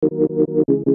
Thank you.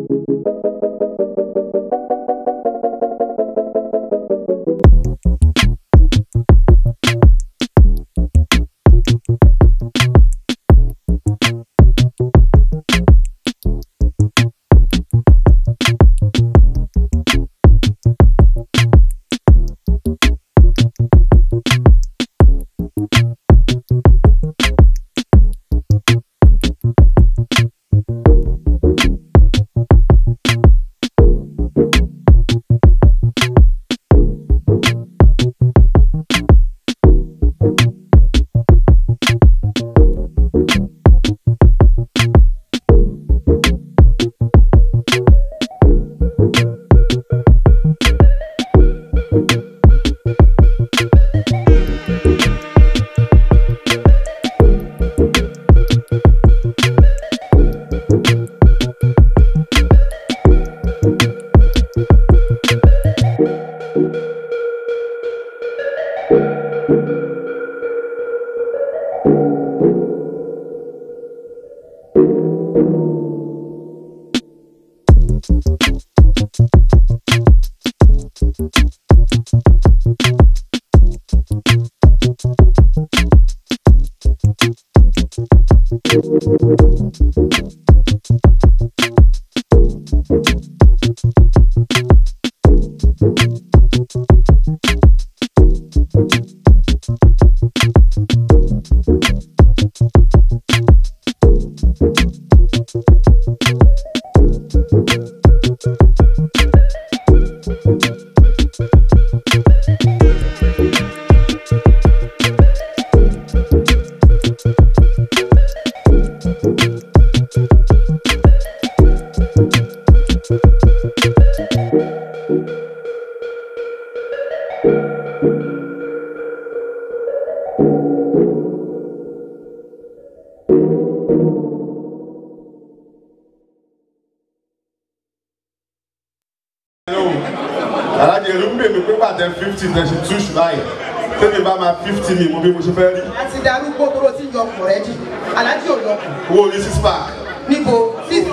tí mi mọ bí mo ṣe fẹ́ rí. a ti darúgbó kúrò tí yọ ọkùnrin rẹ jì aláàjì ò yọkùn. owó ní six pack. níbo six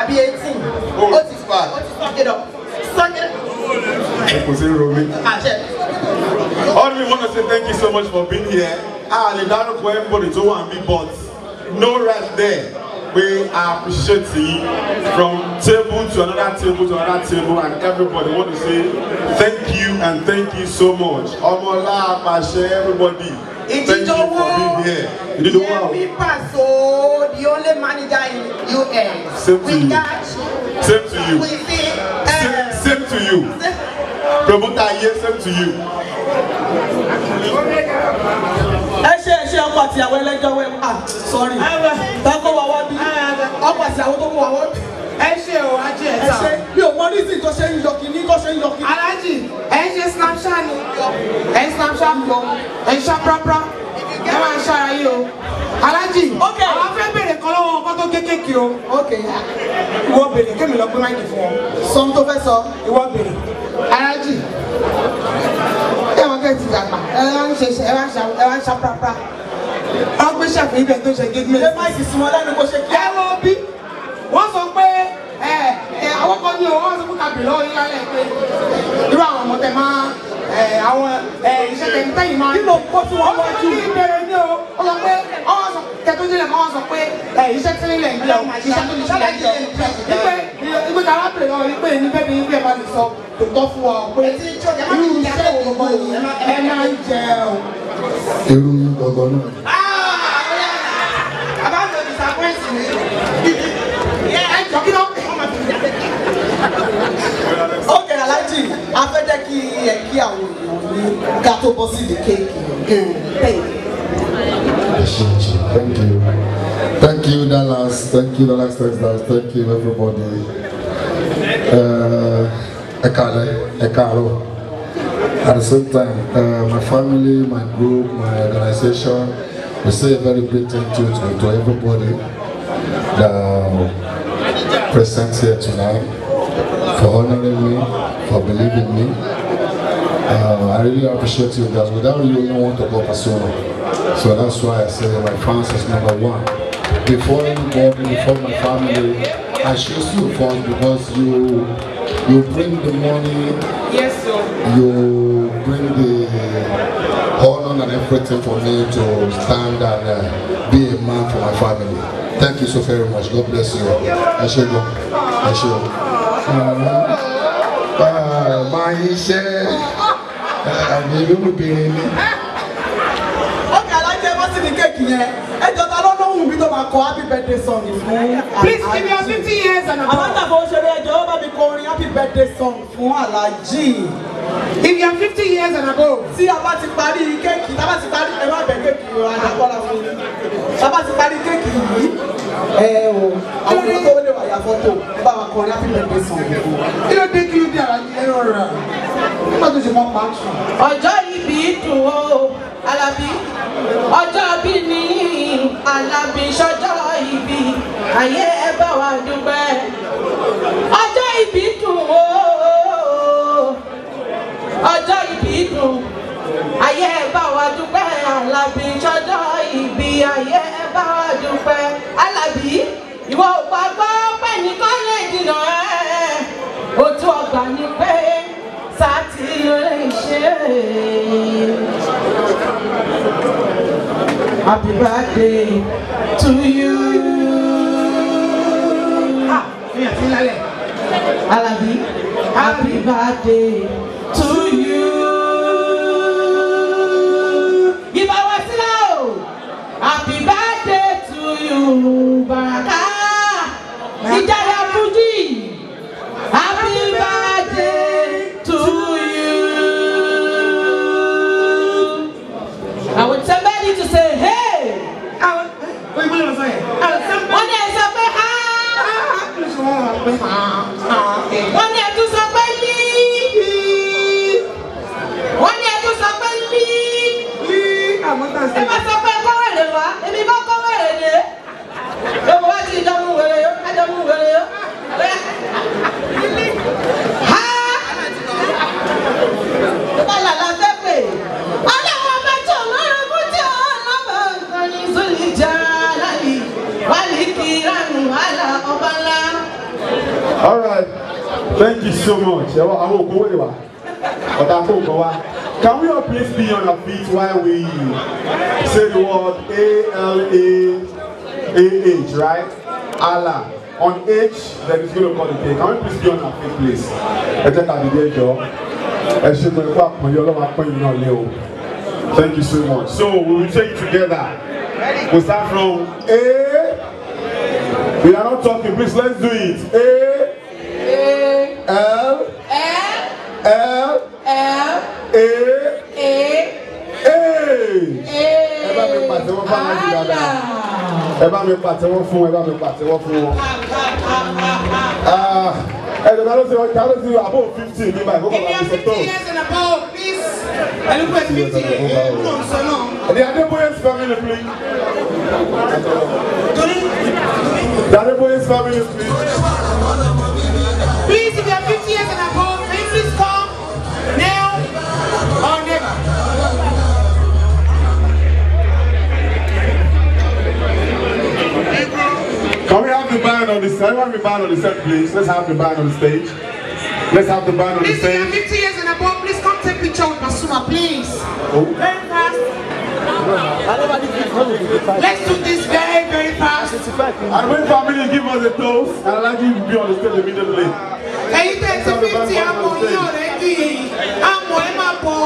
àbí eighteen. owó six pack. ó ti sọ́kè lọ sọ́kè lọ. kò sí romi. àṣẹ. all we to say thank you so much for being here. a lè dárúkọ everybody to wà mí but no rest there We appreciate you that table to another table and everybody want to say thank you and thank you so much ọmọlá apàṣẹ everybody thank you for being here You did ìdíjọwọ yemi paso the only manager in us same to you same to you say, uh, eh, same, to you promoter here same to you. ẹ ṣe ẹ ṣe ọkọ àtìyàwó ẹlẹjọ wẹ ah sorry tọkọ wà wá bí ọkọ àtìyàwó tó kọ wà wá bí ẹ ṣe o ajé ẹ ta. ẹ ṣe mi ò mọ nísìnyí tó ṣe ń yọ kìíní tó ṣe ń yọ kìíní. alájì ẹ ṣe snapchat ni ẹ snapchat lọ ẹ ń ṣàprápra ẹ máa ń ṣara yìí o alájì àwọn fẹ́ bèrè kan lọ́wọ́ ọkọ tó kékèké o. ok ìwọ bèrè kémi lọ gbé máìkì fún ọ. sọ ohun tó fẹ́ sọ ìwọ bèrè alájì ẹwọn kẹntì dàgbà ẹ wá ń ṣe ẹ wá ń ṣe ẹ wá ń ṣe pàápàá wọn gbé ṣàfihàn ibẹ̀ tó ṣe gédé mẹsì. ẹ máa àwọn kọ́ ní o wọ́n sọ fún kàbìlọ́ yíyá lẹ̀ pé irú àwọn ọmọ tẹ máa àwọn iṣẹ́ tẹ̀ ń tẹ̀yìn máa. nínú kó tí wọ́n wá jù. ó ní bẹ̀rẹ̀ ní o ó sọ pé ọwọ́ sọ tẹ̀túndínlẹ̀ máa sọ pé iṣẹ́ tí nílẹ̀ ń jẹun iṣẹ́ tó ní sílẹ̀ ń jẹun. wípé wípé ká wá pè lọ ní bẹ́ẹ̀ ni wípé ẹ bá ti sọ tòótọ́ fún wa o pé irú iṣẹ́ wo gan ni ẹ máa ń a fẹ́ jẹ́ kí ẹ kí àwọn èèyàn ní ká tó bọ́ sí di kéèkì thank you. Thank you, Dallas. Thank you, Dallas, Texas. Thank you, everybody. Uh, Ekale, Ekaro. At the same time, uh, my family, my group, my organization, we say a very big thank you to, to everybody that uh, present here tonight for honoring me, for believing me. Um, I really appreciate you guys. Without you, no one to go persona. So that's why I say my fans is number one. Before anybody, before my family, I choose you first because you you bring the money. Yes, sir. You bring the honor and everything for me to stand and uh, be a man for my family. Thank you so very much. God bless you. I should go. I should máa yí iṣẹ́ àmì lóbìnrin ni. ó kà lájẹ bọ́sì ní kéèkì yẹn ẹ jọta lọ́nà mi tó máa kọ happy birthday song fún. please if you are fifty years and above. alájà fún òṣèré ẹjọ ó bá mi kọ orin happy birthday song fún alájì. if you are fifty years and above. tí a bá ti parí kéèkì tá a bá ti parí ẹ má bẹ kéèkì ọ̀hún àdàpọ̀ làwọn. tá a bá ti parí kéèkì yìí ẹ o àwọn tó lè wà ya fọ́tò ẹ bá wa kọrin happy birthday song gbogbo. kí ló dé kí ló dé ara ẹ rọra nígbà tó ṣe mọ́ pa. ọjọ́ ìbí dùn ó Alábí ọjọ́ bí ní Alábí sọjọ́ ìbí ayé ẹ bá wa dúpẹ́ ọjọ́ ìbí dùn ó ọjọ́ ìbí dùn ayé ẹ bá wa dúpẹ́ Alábí sọjọ́ ìbí ayé ẹ ìwọ gbàgbọ́ pé nìkan lè dìnà ojú ọgbà ni pé sátì lè ṣe Happy birthday to you. Ah, Alabi, happy birthday to you. Thank you so much. I I go go anywhere. But won't Can we all please be on our feet while we say the word A-L-A-A-H, right? Allah. On H, then it's going to call the day. Can we please be on our feet, please? I take out the day, Joe. I should on you. Thank you so much. So we will take it together. We start from A. We are not talking, please let's do it. A. L L L L A A A ẹ bá mi pàtẹ́wọ́ fún aláàjì dáadáa ẹ bá mi pàtẹ́wọ́ fún ẹ bá mi pàtẹ́wọ́ fún wọn. Ah, ẹ̀dùn náà ló ti wọ́n ta ló ti wọ́n above fifty ní báyìí kókò bá mi eh, sọ tó. Elukwesi fifty ee kúrò nsọ náà. Ẹni Adébóyè's family please. Torí. The Adébóyè's family please. 12 years and above, this please come now or never. Can we have the band on the set? Can we have the band on the set, please? Let's have the band on the stage. Let's have the band on the stage. 50 years and above, please come take picture with Masuma, please. Oh. Very fast. Let's do this very, very fast. And when family give us a toast, I'd like you to be on the stage immediately. Hey. níbi tí a mọ̀ yín ọ̀rẹ́ dì í a mọ̀ ẹ́ máa bọ̀.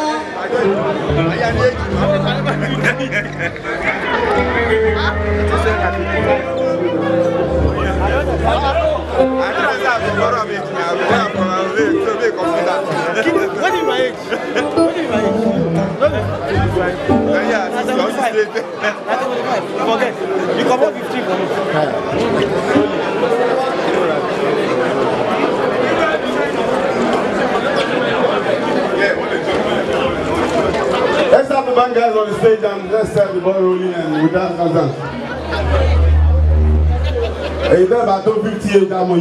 What is my age? What is my age? Yeah, that's 45. That's 45. Forget. You come up 15 for me. Urban guys on the stage and let's start the ball rolling and we dance dance dance. Èyí tẹ́ bá tó fifty eight àmọ̀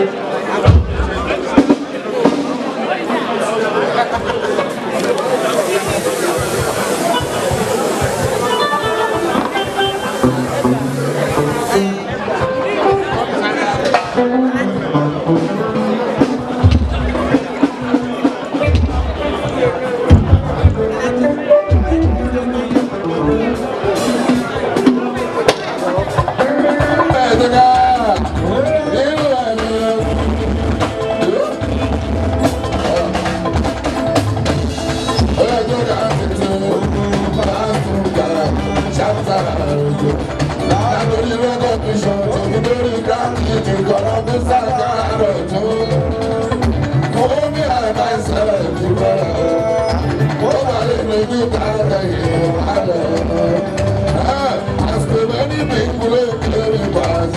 Thank you.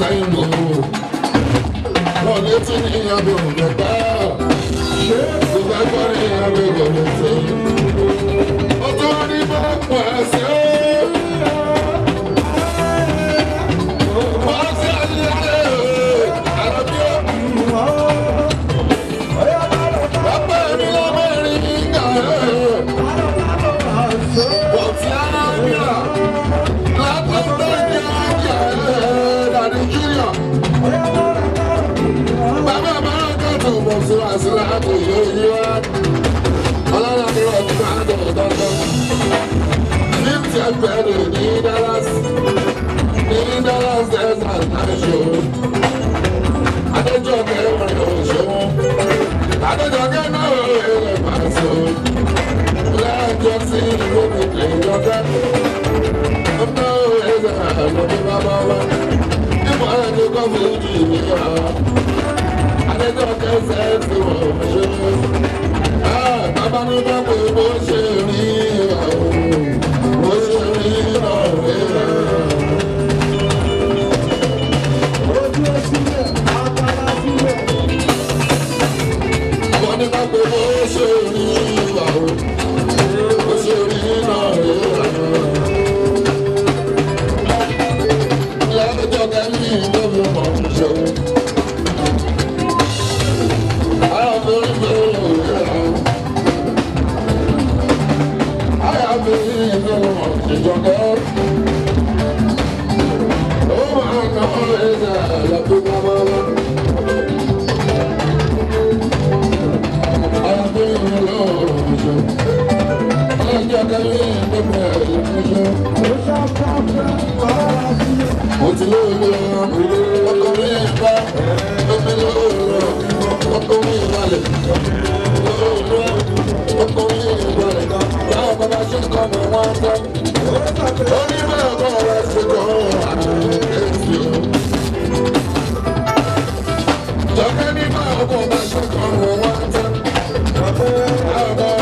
sẹ́yìn mọ́ wọn ní tún the abẹ́ òǹdẹ̀ pa ṣé kò bá gbọ́ ní abẹ́ òǹdẹ̀ sẹ́yìn ó tó ní bá pa ẹsẹ̀. adájọ́ kẹsẹ̀ ẹ̀ ti wọ̀ ọ́ ṣe. Ah, bàbá ní bá pé bó ṣe. mo ti lé come ọkọ mi ń bá ọkọ mi lóòrò ọkọ mi ìbàlẹ̀ lóòrò ọkọ mi ìbàlẹ̀ báwo bàbá ṣe ń kọ́ mi wọ́n tán ó ní bẹ́ẹ̀ bọ́ ọ̀rọ̀ ẹ̀sìn kan èsì o. jọ̀kẹ́ ní báwo bàbá ṣe ń kọ́ mi wọ́n tán báwo bàbá.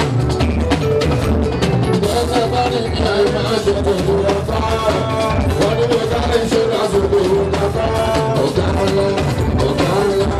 Ọ̀gá ọlọ́, ọ̀gá ọlọ́.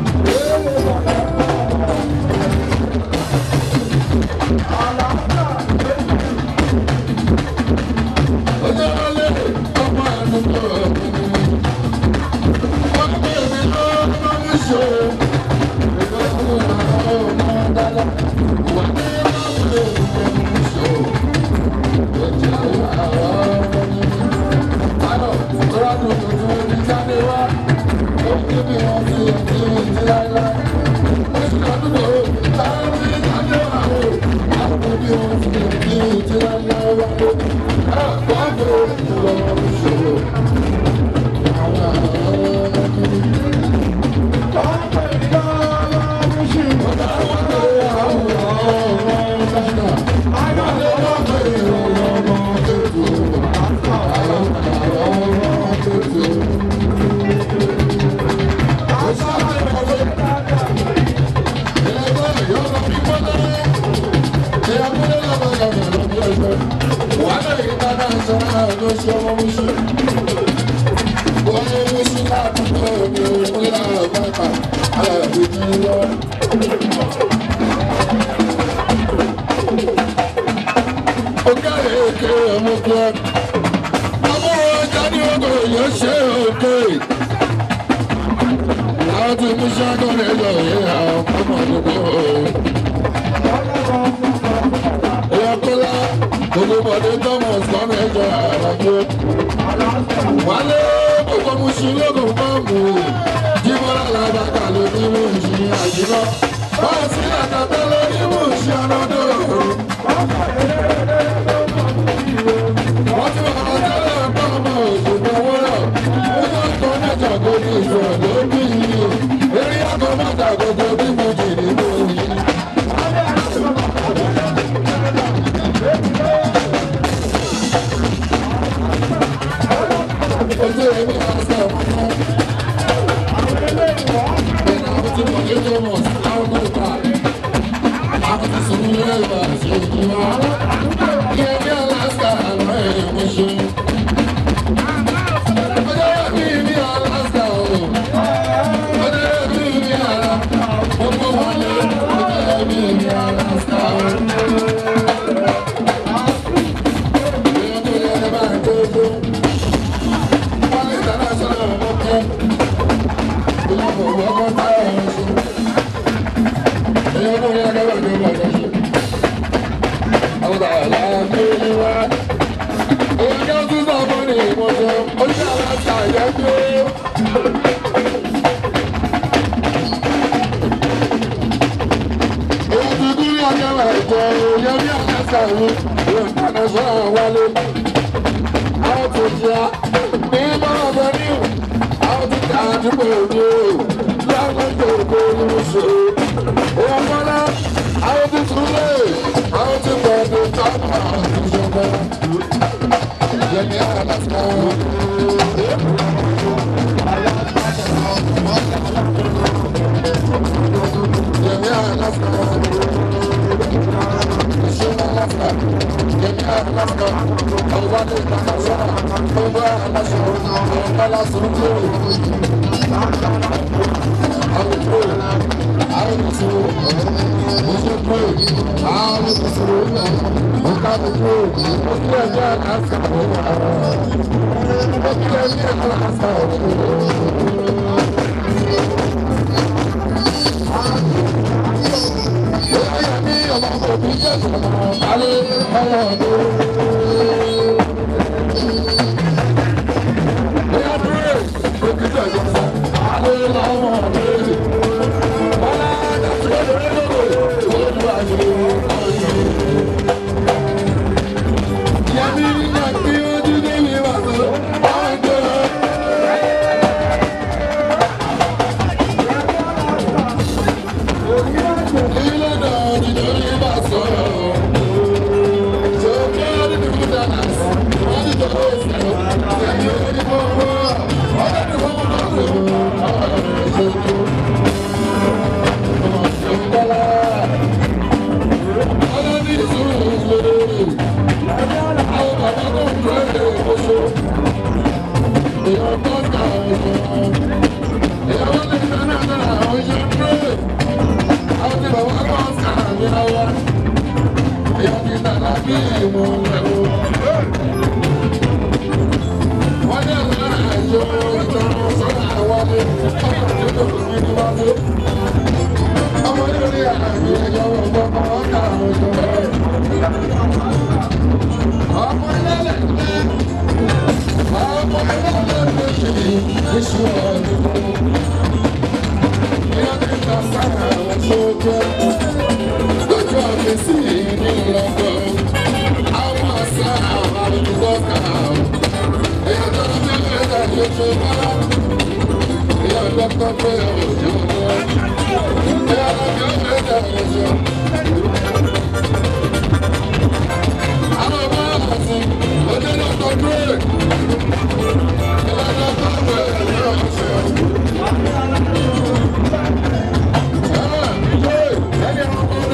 la la lóṣù ọmọ mùsù. Oyè mùsù ládùúgbò mi ò ní láàárọ̀ bàbà aláàbí mi lọ. Ogárè olúmọdé thomas kọ́nà ẹjọ́ àràjọ. wálé gbogbo mu sí lóko bọ́ọ̀mù jíbọ́lá làbàkà ló ní mú ìṣí àjùlọ. bọ́ọ̀sì àtàtà ló ní mú ìṣí ọ̀nà tó rọrùn. lọ́jọ́ mi sì ní lọ́gbọ́ àwọn àṣà àwọn arúgbó kà ó èyí tó ń bí ẹ̀dá lójú bá èyí ọlọ́pàá pé òjò wọ́ èyí ọlọ́pàá pé ẹ̀dá lójú. àwọn ọmọ àkàtún ojúlọ tó dúró ìlànà tó ń bẹ̀rẹ̀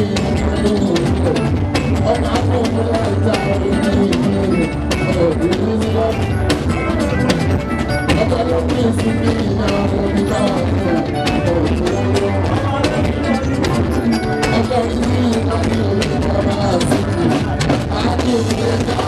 I'm gonna you. Yeah.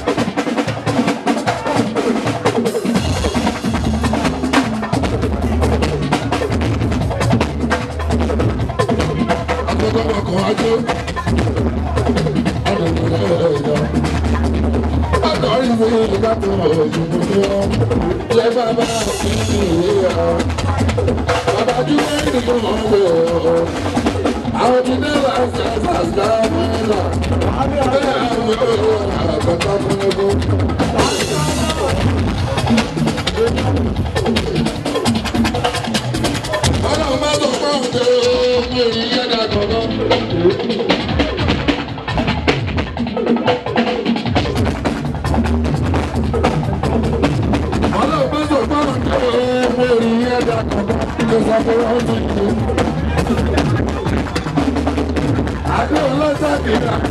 jẹ́ bàbá òkú ìwé ọ̀. Bàbá Júwẹ́rì ló mọ̀ pé yes,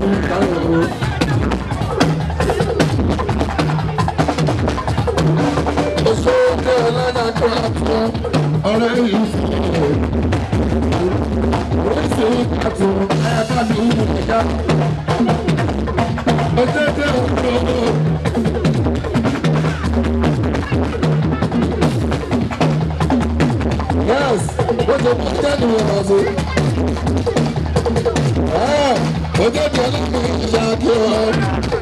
what's up? Tell me what ògèdè ọlọ́mọ ìyá kí ọ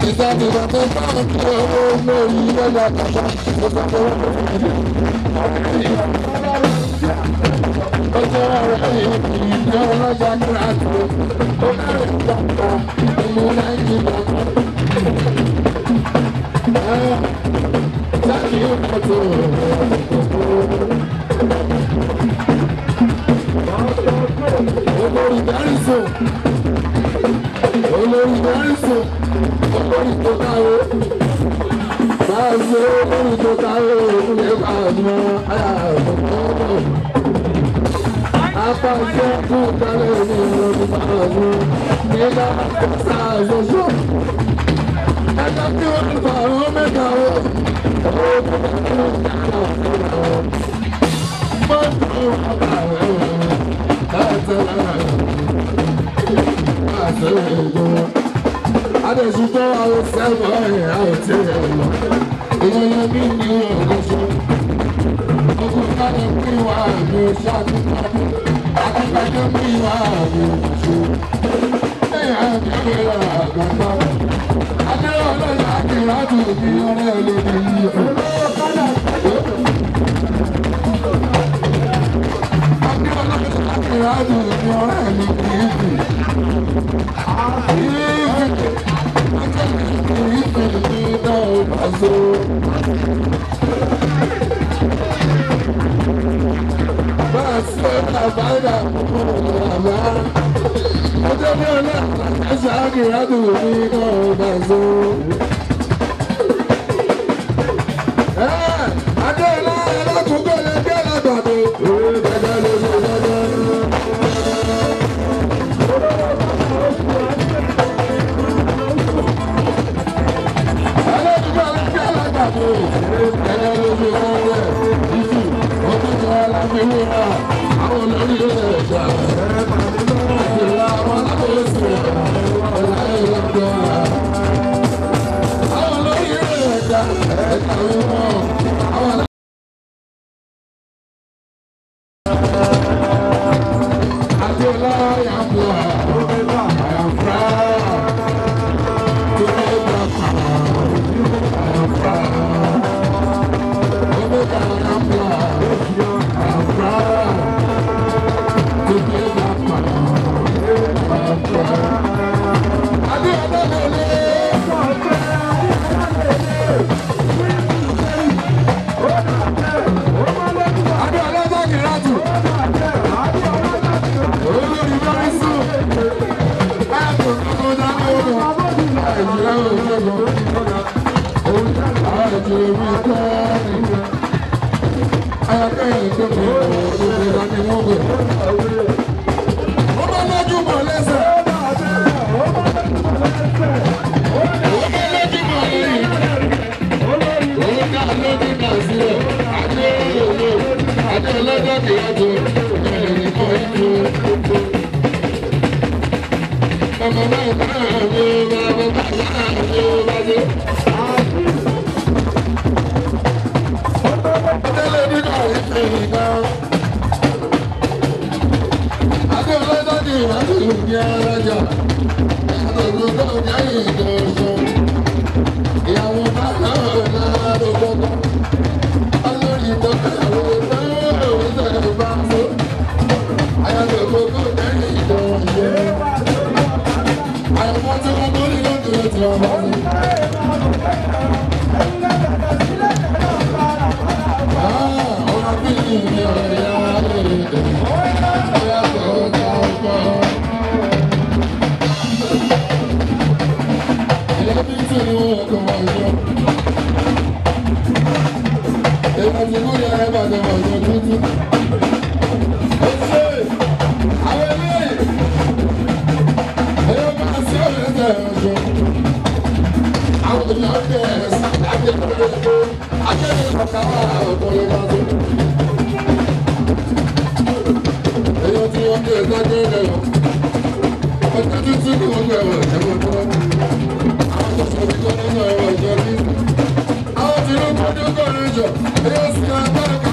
ìsọ̀tì bàbá máa kí ọ owó orí lọ́dọ̀ àkàtà ìfọ̀tọ̀ tó wà lórí ilẹ̀. Ọjọ́ ọ̀rẹ́ yìí kì í jẹ́ ọlọ́jà níra tó ó kárẹ̀ ìjọba ìmú Nàìjíríà. Sáàkì yóò kọ́ tó olórí Dáríso. meu braço, estou calor. Passou todo calor, meu calor. Apagando o calor, meu calor. Me dá força, Jojo. É da pior, falou, meu calor. I don't know Adẹ̀sùn tó àwọn sẹ́wọ̀n ẹ̀ àwọn tí ẹ̀ lọ. Ìyẹn yẹn bí ní ọ̀gọ́ ṣe. Ogun kájọ pín wá àmì ṣáàtúntàbí. Akíkanjọ pín wá àmì ṣe. Ẹ̀yà àmì ẹ̀rọ àgbàgbà. Adé ọlọ́yà kìlá tó bí aláàbò ní ọ̀rẹ́ mi kì í bì. Àbíyèsí kì í bì ní náà bá so. Máa ṣe àbádà kúrò àmá. Ọjọ́ bí ọlá àṣà kì í rádùn ní náà bá Àwọn tìlú kúndùkọ̀ níjọ, èyí ó sì ń agbára.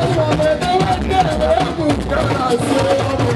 Ọmọ my ẹgbẹ́ wá gbé ẹ̀rọ ẹ̀kú ìjọba sí ọmọ.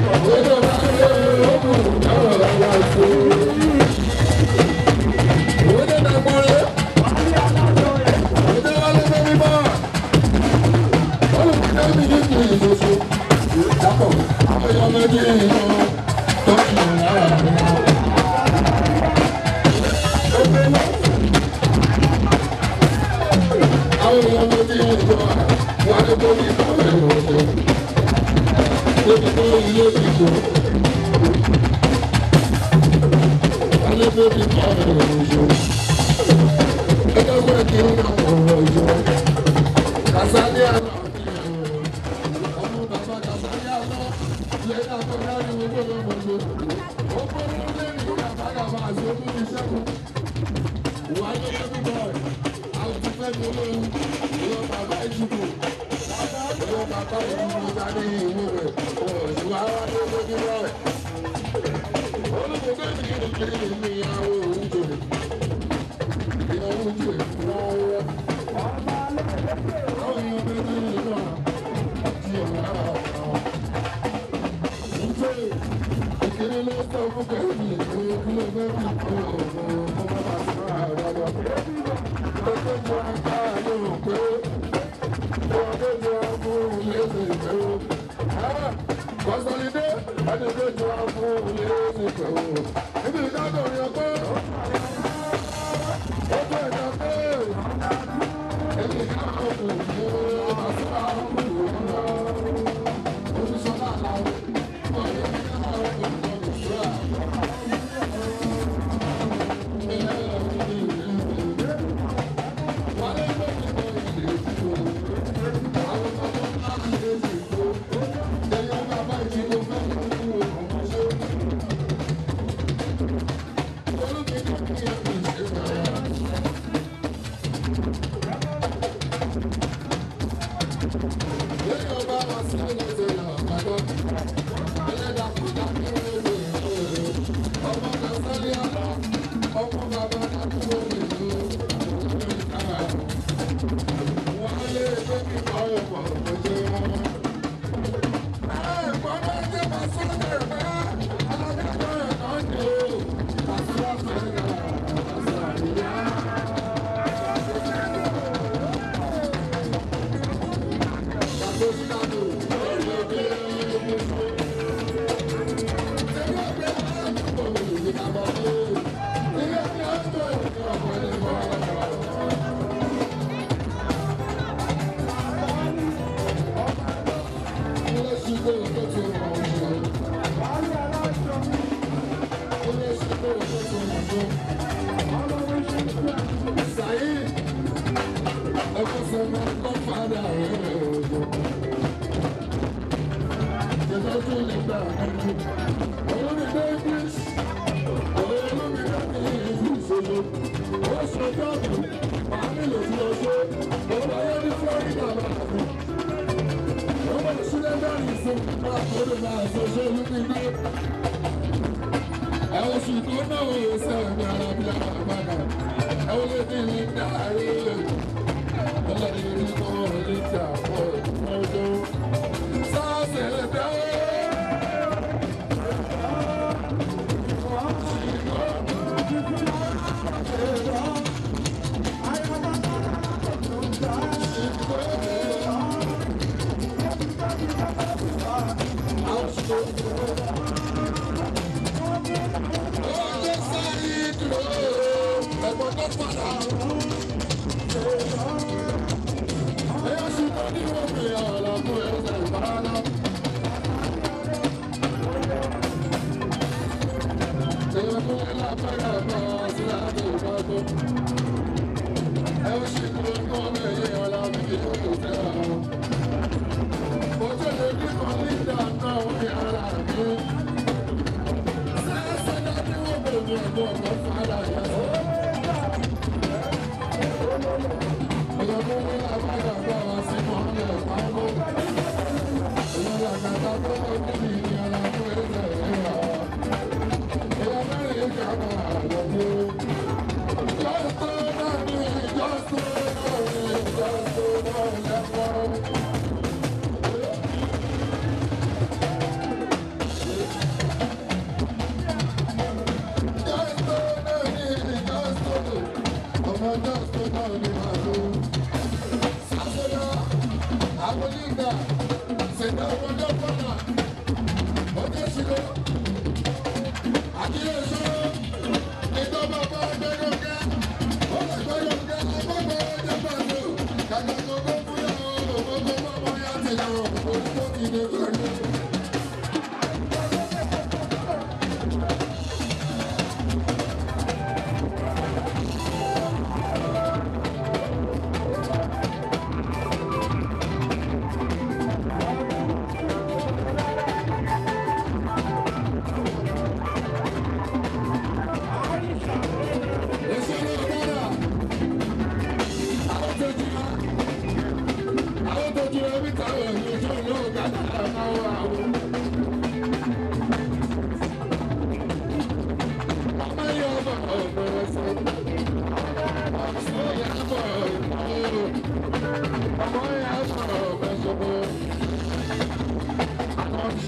blue.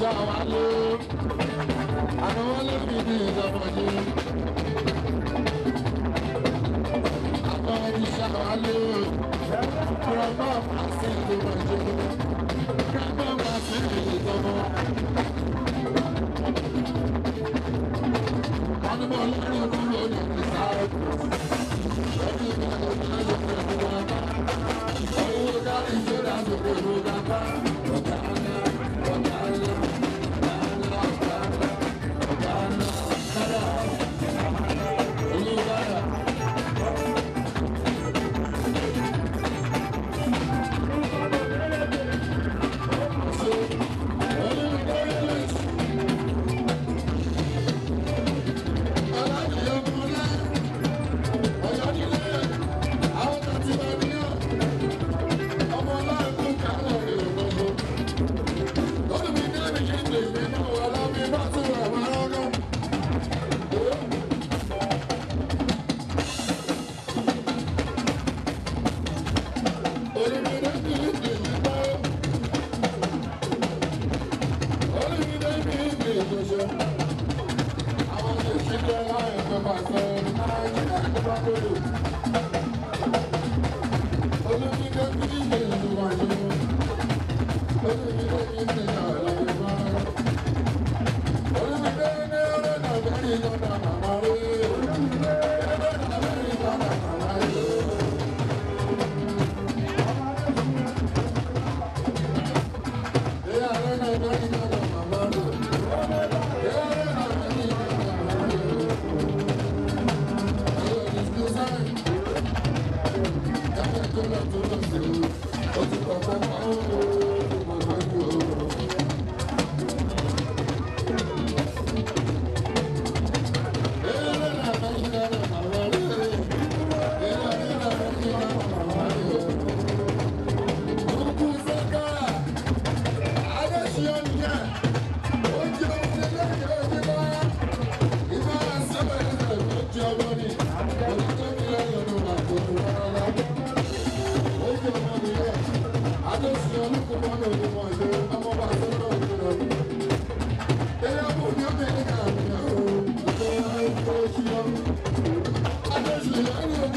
ìyá wa lé àwọn wọlé fi ní ìdọ̀mọ̀dé. Àtọ̀ ìṣá wa lé kúrọ̀mọ́ àti ìdọ̀mọ̀dé. Kúrọ̀mọ́ àti ìdọ̀mọ̀.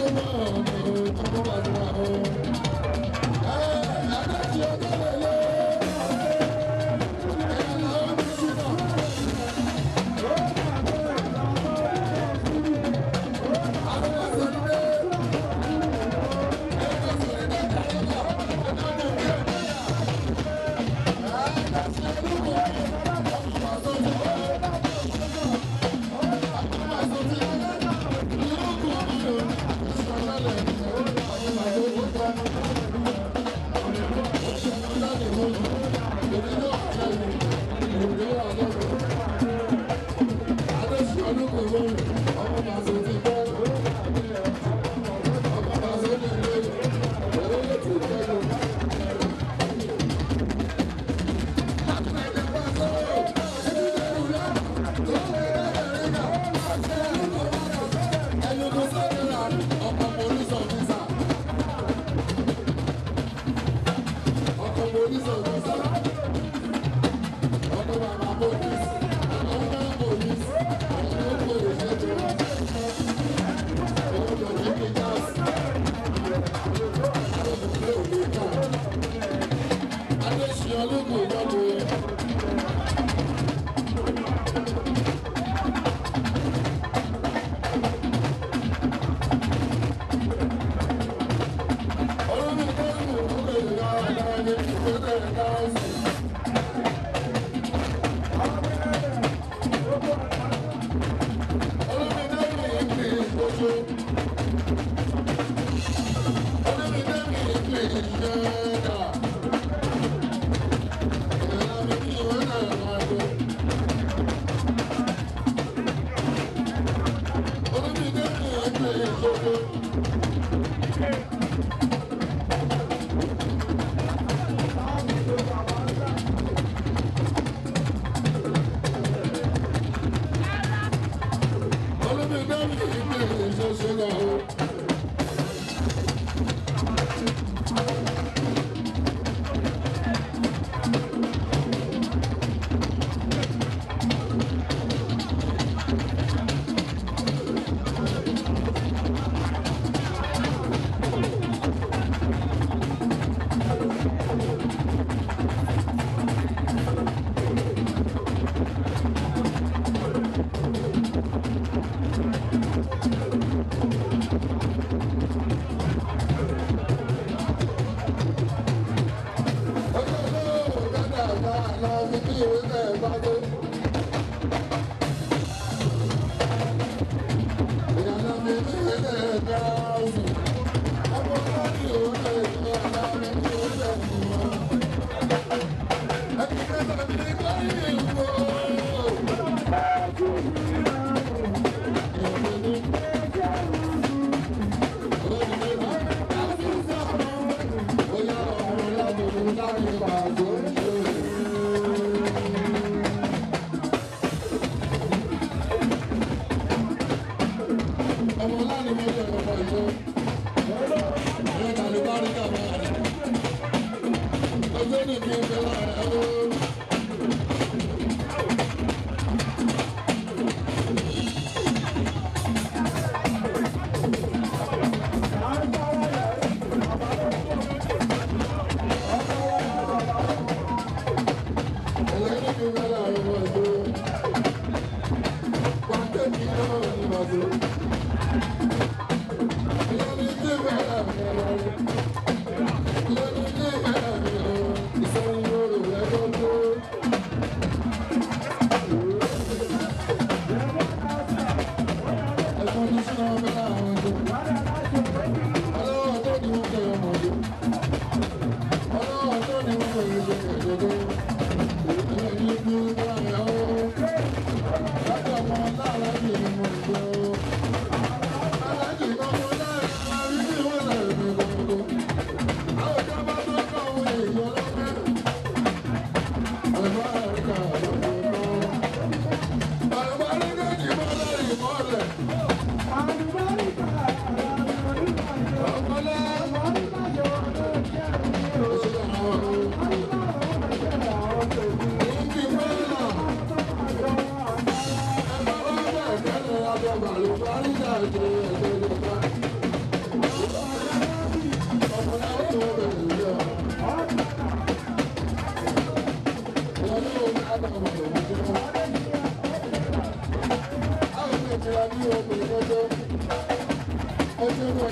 아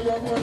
Hallelujah.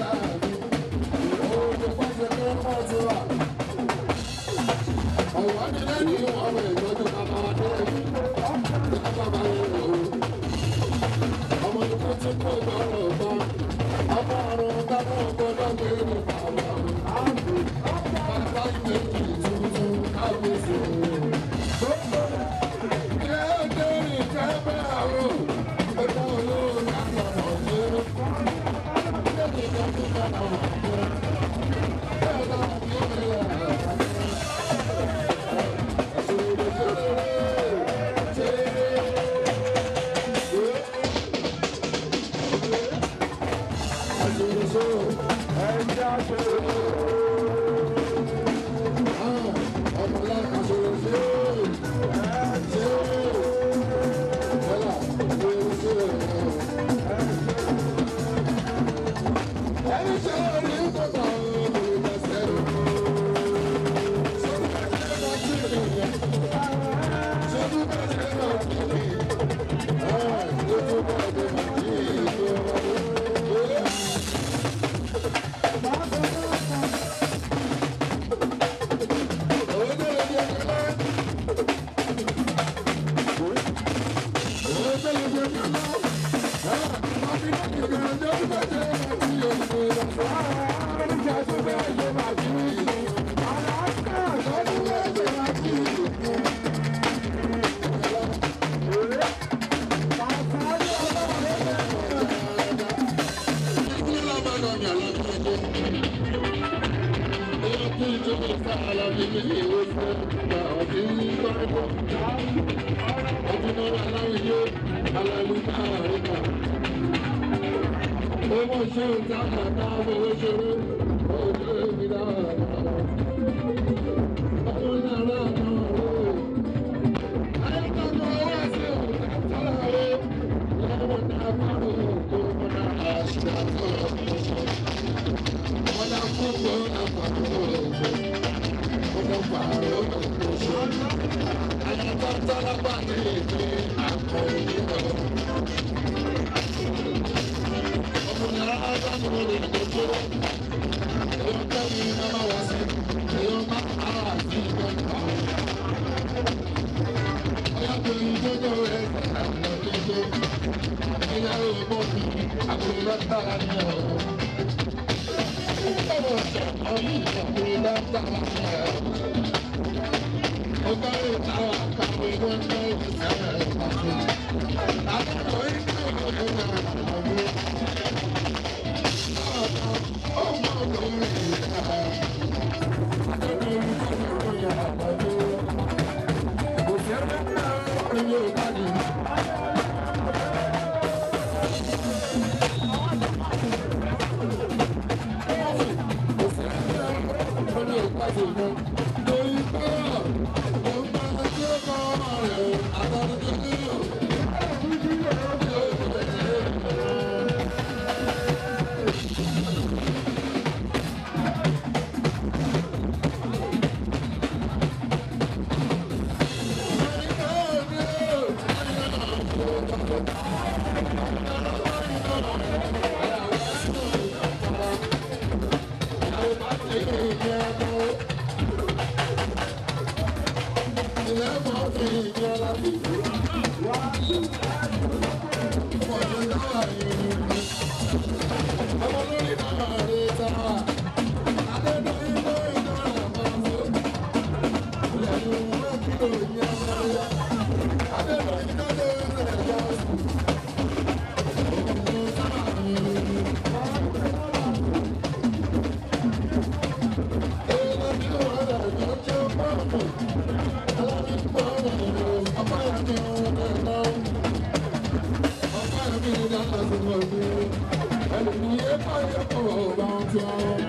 I'm going to go to flow.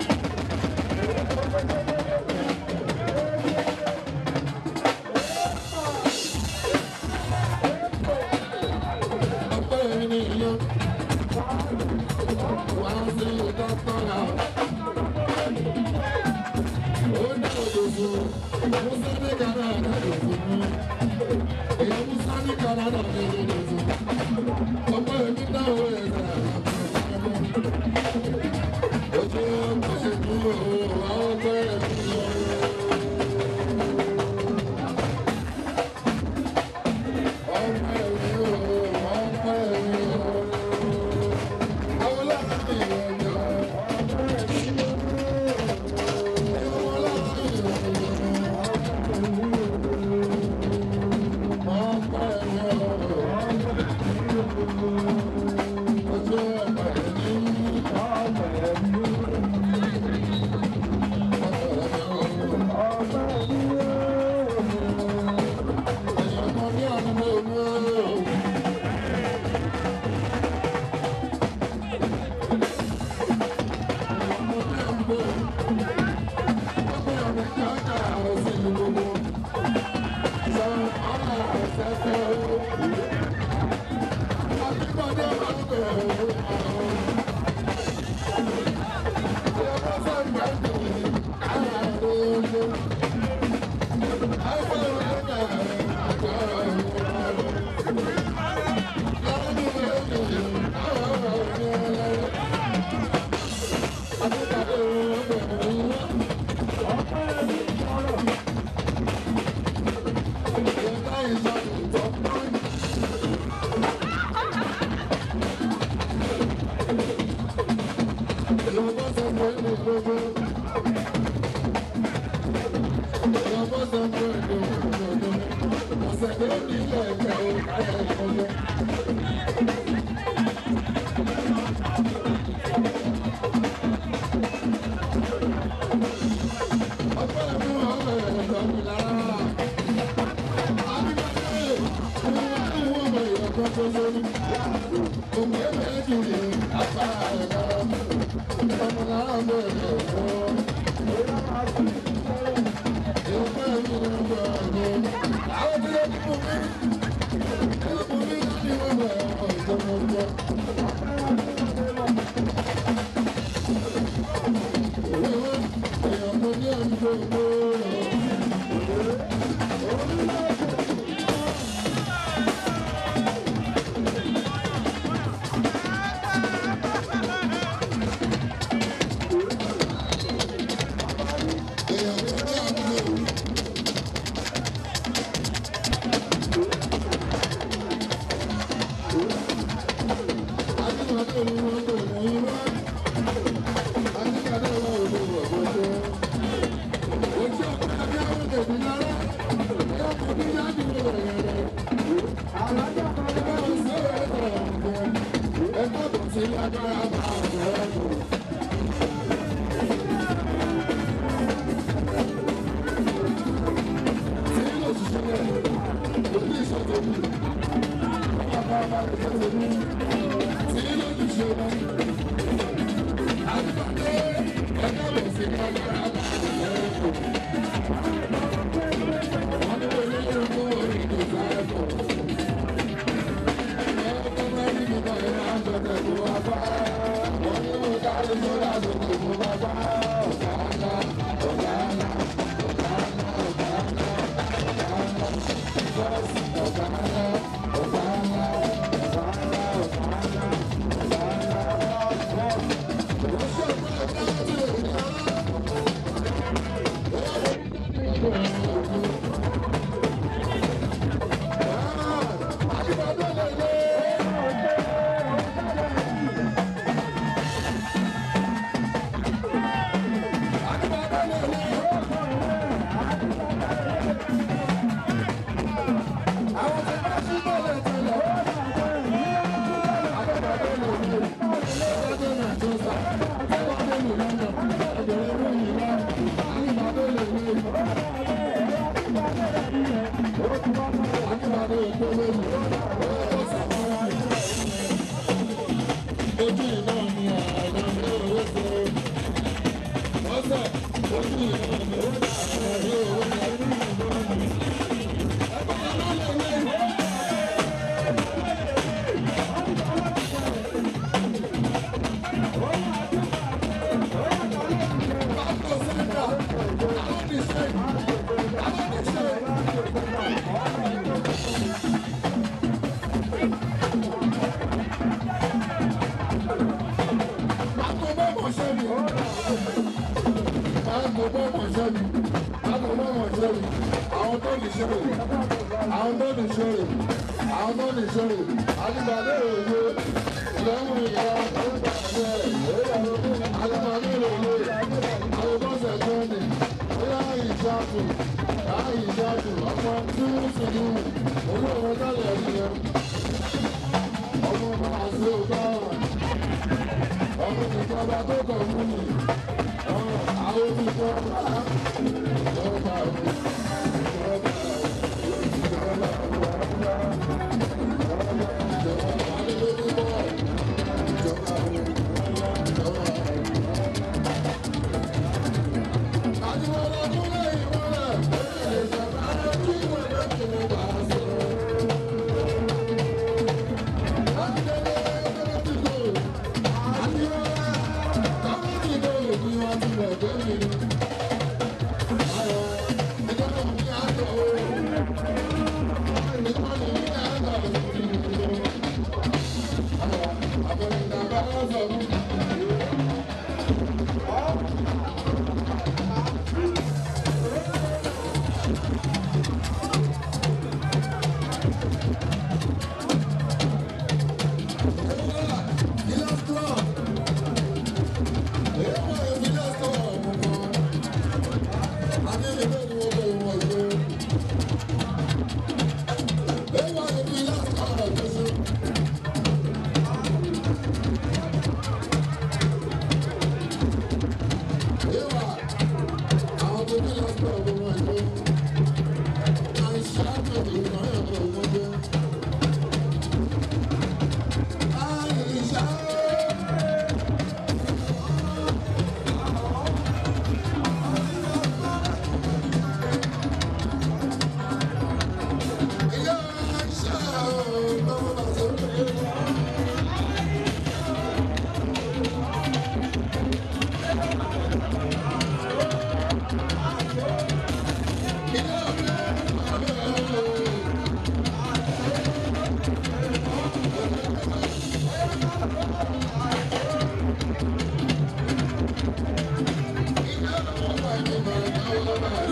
sẹ́gbẹ́ nílẹ̀ ẹgbẹ́ òkàlẹ̀ ìfọ̀lẹ́. Thank you.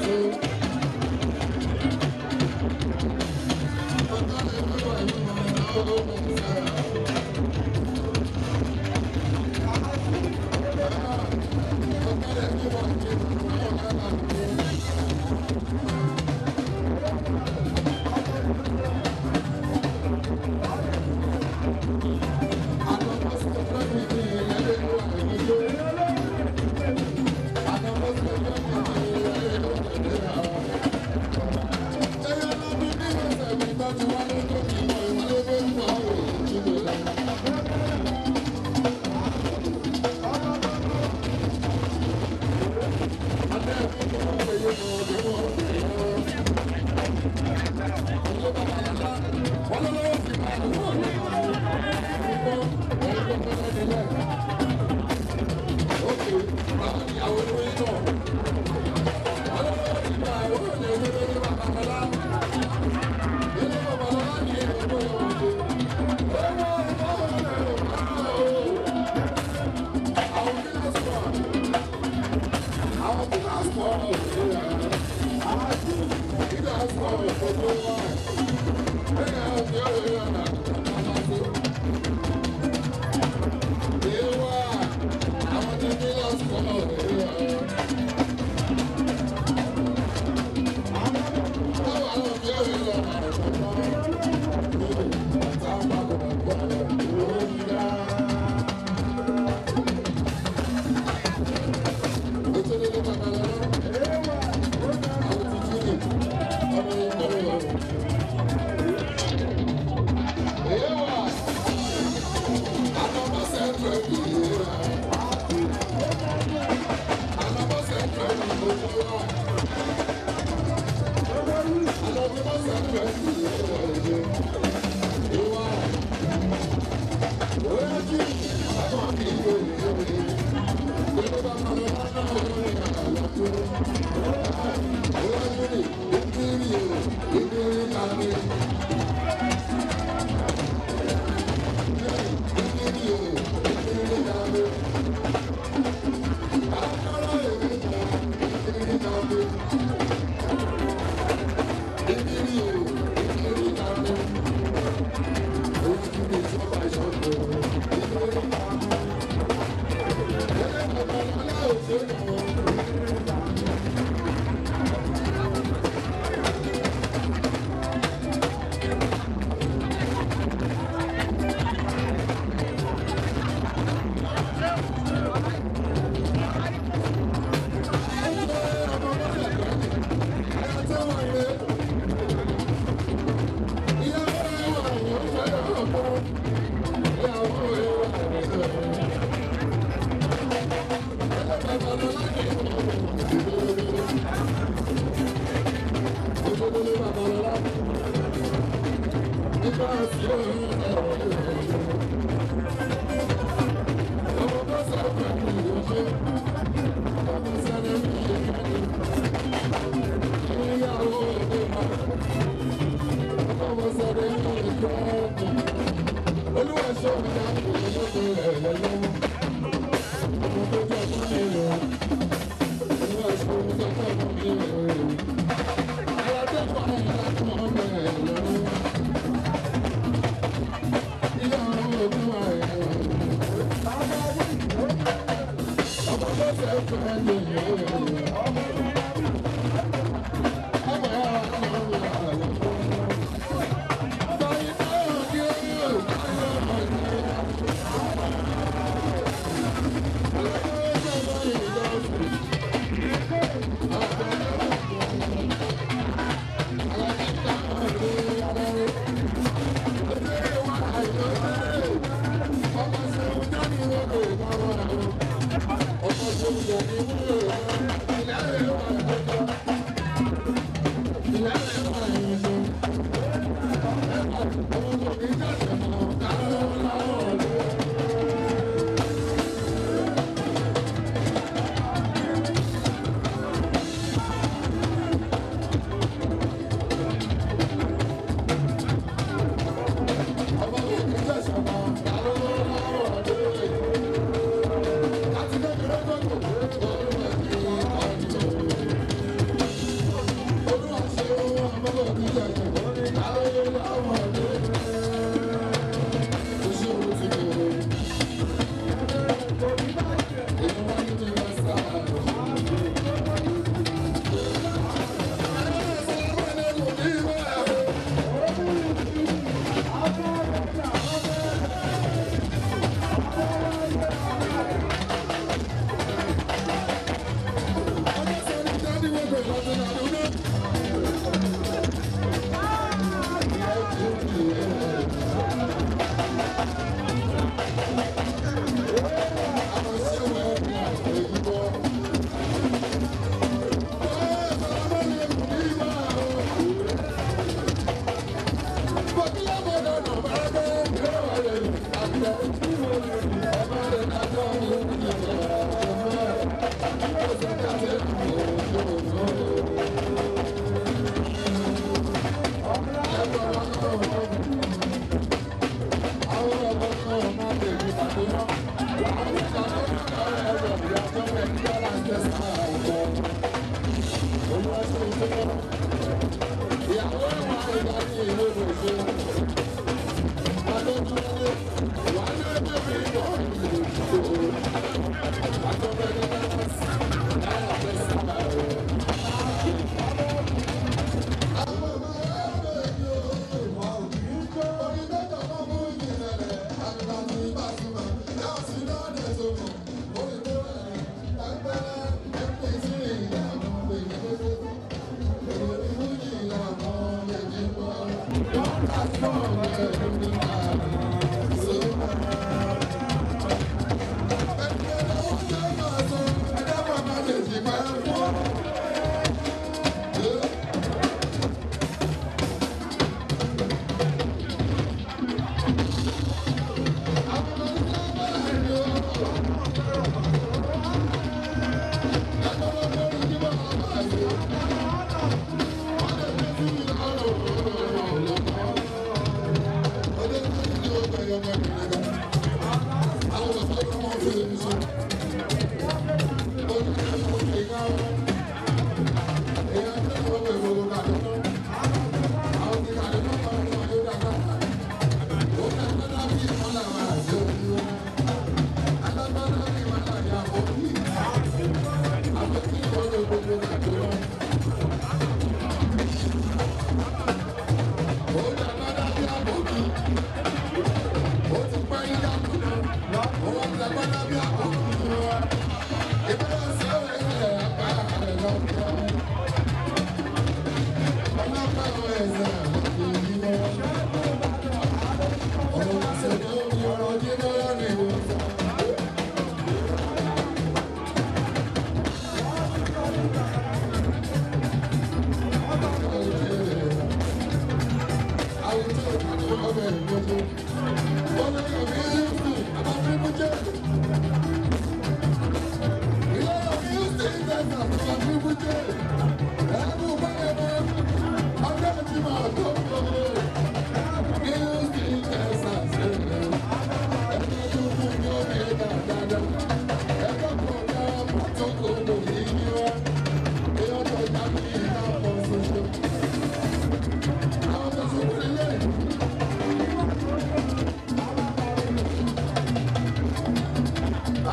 Zoo. Mm-hmm.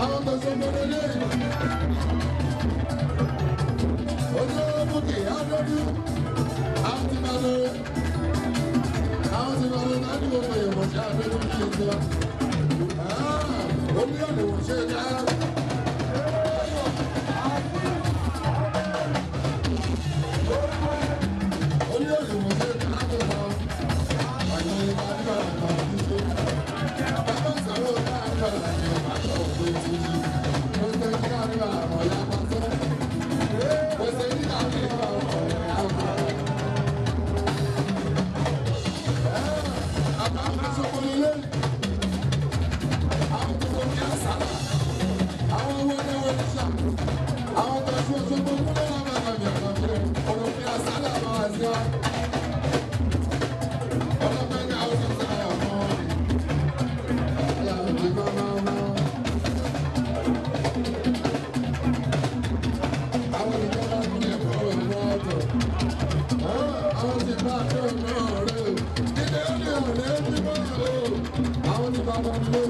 àwọn tó so gbogbo lé. olóòmù kì í adójú àwọn ti máa lọ àwọn ti máa lọ láti wọ́n fẹ̀yẹ̀ wọ̀ṣẹ́ àdójú ní ìjọba. omi ọ̀dọ̀ wọ̀ṣẹ́ dáa. Thank you.